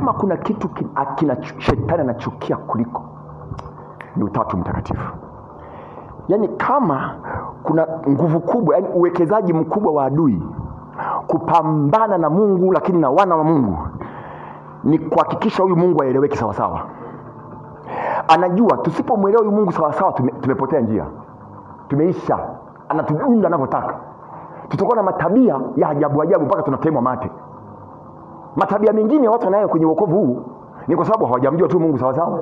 kama kuna kitu kina shetani anachukia kuliko ni utatu mtakatifu yaani kama kuna nguvu kubwa yaani uwekezaji mkubwa wa adui kupambana na mungu lakini na wana wa mungu ni kuhakikisha huyu mungu aeleweki sawasawa anajua tusipomwelewa huyu mungu sawasawa tume, tumepotea njia tumeisha anatudunda anavyotaka tutakuwa na matabia ya ajabu ajabu mpaka tunatemwa mate matabia mengine ya watu wanayo kwenye wokovu huu ni kwa sababu hawajamjua tu Mungu sawa sawa.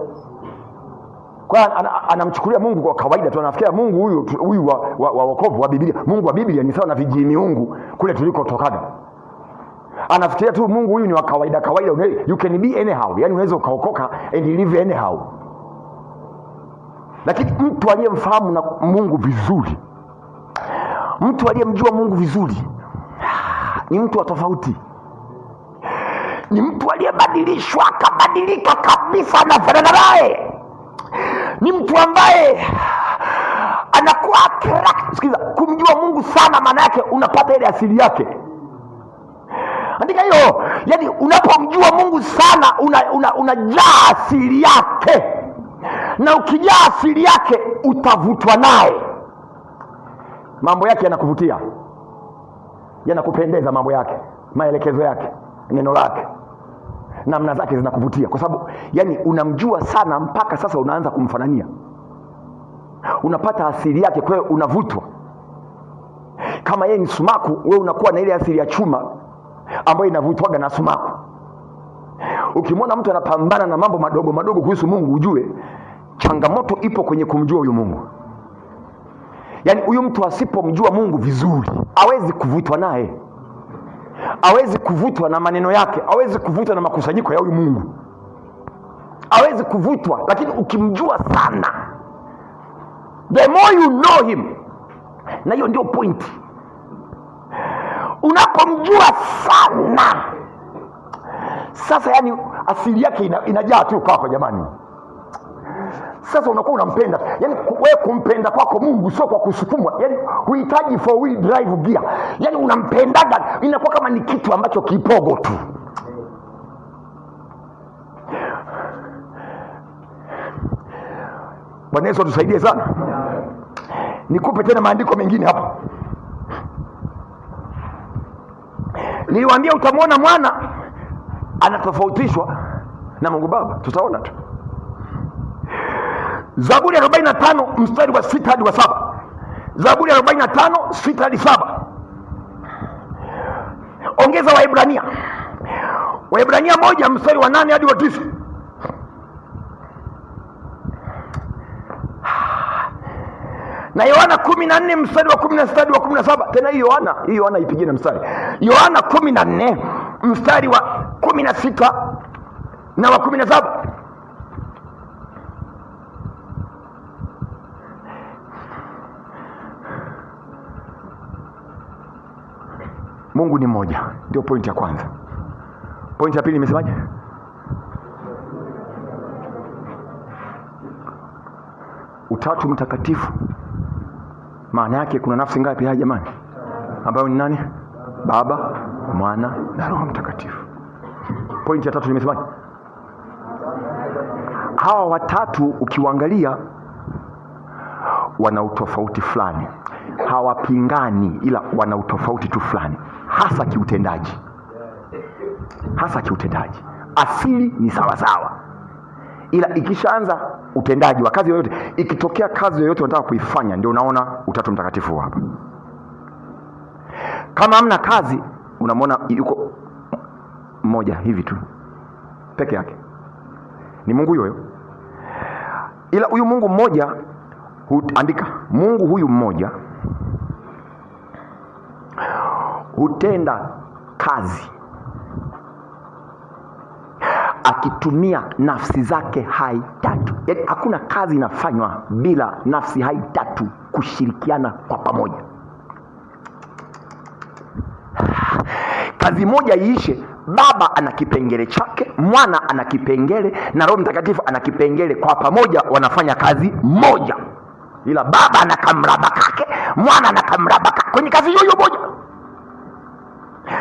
Kwa anamchukulia ana, Mungu kwa kawaida tu, anafikia Mungu huyu huyu wa, wa, wokovu wa wa Biblia, Mungu wa Biblia ni sawa na vijini miungu kule tulikotokaga. Anafikiria tu Mungu huyu ni wa kawaida kawaida, you can be anyhow, yani unaweza ukaokoka and live anyhow. Lakini mtu aliyemfahamu na Mungu vizuri, mtu aliyemjua Mungu vizuri ah, ni mtu wa tofauti ni mtu aliyebadilishwa akabadilika kabisa, anafanana naye, ni mtu ambaye anakuwa sikiza. Kumjua Mungu sana, maana yake unapata ile asili yake. Andika hiyo, yani unapomjua Mungu sana unajaa una, una asili yake, na ukijaa asili yake utavutwa naye, mambo yake yanakuvutia, yanakupendeza, mambo yake, maelekezo yake, neno lake namna zake zinakuvutia kwa sababu yani unamjua sana mpaka sasa unaanza kumfanania unapata asili yake kwa hiyo unavutwa kama yeye ni sumaku wewe unakuwa na ile asili ya chuma ambayo inavutwaga na sumaku ukimwona mtu anapambana na mambo madogo madogo kuhusu mungu ujue changamoto ipo kwenye kumjua huyu mungu yaani huyu mtu asipomjua mungu vizuri awezi kuvutwa naye hawezi kuvutwa na maneno yake, hawezi kuvutwa na makusanyiko ya huyu Mungu, hawezi kuvutwa. Lakini ukimjua sana, the more you know him, na hiyo ndio pointi. Unapomjua sana sasa, yani asili yake inajaa ina tu kwako, jamani. Sasa unakuwa unampenda, yani wewe kumpenda kwako Mungu sio kwa kusukumwa, yani huhitaji four wheel drive gear, yani unampendaga, inakuwa kama ni kitu ambacho kipogo tu. Bwana Yesu atusaidie sana. Nikupe tena maandiko mengine hapa. Niliwaambia utamwona mwana anatofautishwa na Mungu Baba, tutaona tu. Zaburi ya 45 mstari wa sita hadi wa saba. Zaburi ya 45 sita hadi saba. Ongeza Waebrania, Waebrania moja mstari wa nane hadi wa tisa. na Yohana kumi na nne mstari wa kumi na sita hadi wa kumi na saba. Tena hii Yohana, hii Yohana ipige na mstari, Yohana kumi na nne mstari wa kumi na sita na wa kumi na saba. Mungu ni mmoja, ndio pointi ya kwanza. Pointi ya pili nimesemaje? Utatu Mtakatifu, maana yake kuna nafsi ngapi haya jamani, ambayo ni nani? Baba, Mwana na Roho Mtakatifu. Pointi ya tatu nimesemaje? Hawa watatu ukiwaangalia wana utofauti fulani, hawapingani, ila wana utofauti tu fulani, hasa kiutendaji, hasa kiutendaji. Asili ni sawasawa, ila ikishaanza utendaji wa kazi yoyote, ikitokea kazi yoyote unataka kuifanya, ndio unaona Utatu Mtakatifu hapa. Kama hamna kazi, unamwona yuko mmoja hivi tu peke yake, ni Mungu huyo, ila huyu Mungu mmoja andika, Mungu huyu mmoja hutenda kazi akitumia nafsi zake hai tatu. Yaani hakuna kazi inafanywa bila nafsi hai tatu kushirikiana kwa pamoja. Kazi moja iishe, Baba ana kipengele chake, Mwana ana kipengele na Roho Mtakatifu ana kipengele. Kwa pamoja wanafanya kazi moja ila baba na kamraba kake, mwana na kamraba kake kwenye kazi hiyo moja,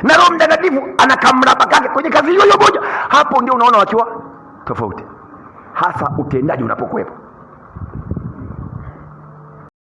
na Roho Mtakatifu anakamraba kake kwenye kazi hiyo moja. Hapo ndio unaona wakiwa tofauti, hasa utendaji unapokuwepo.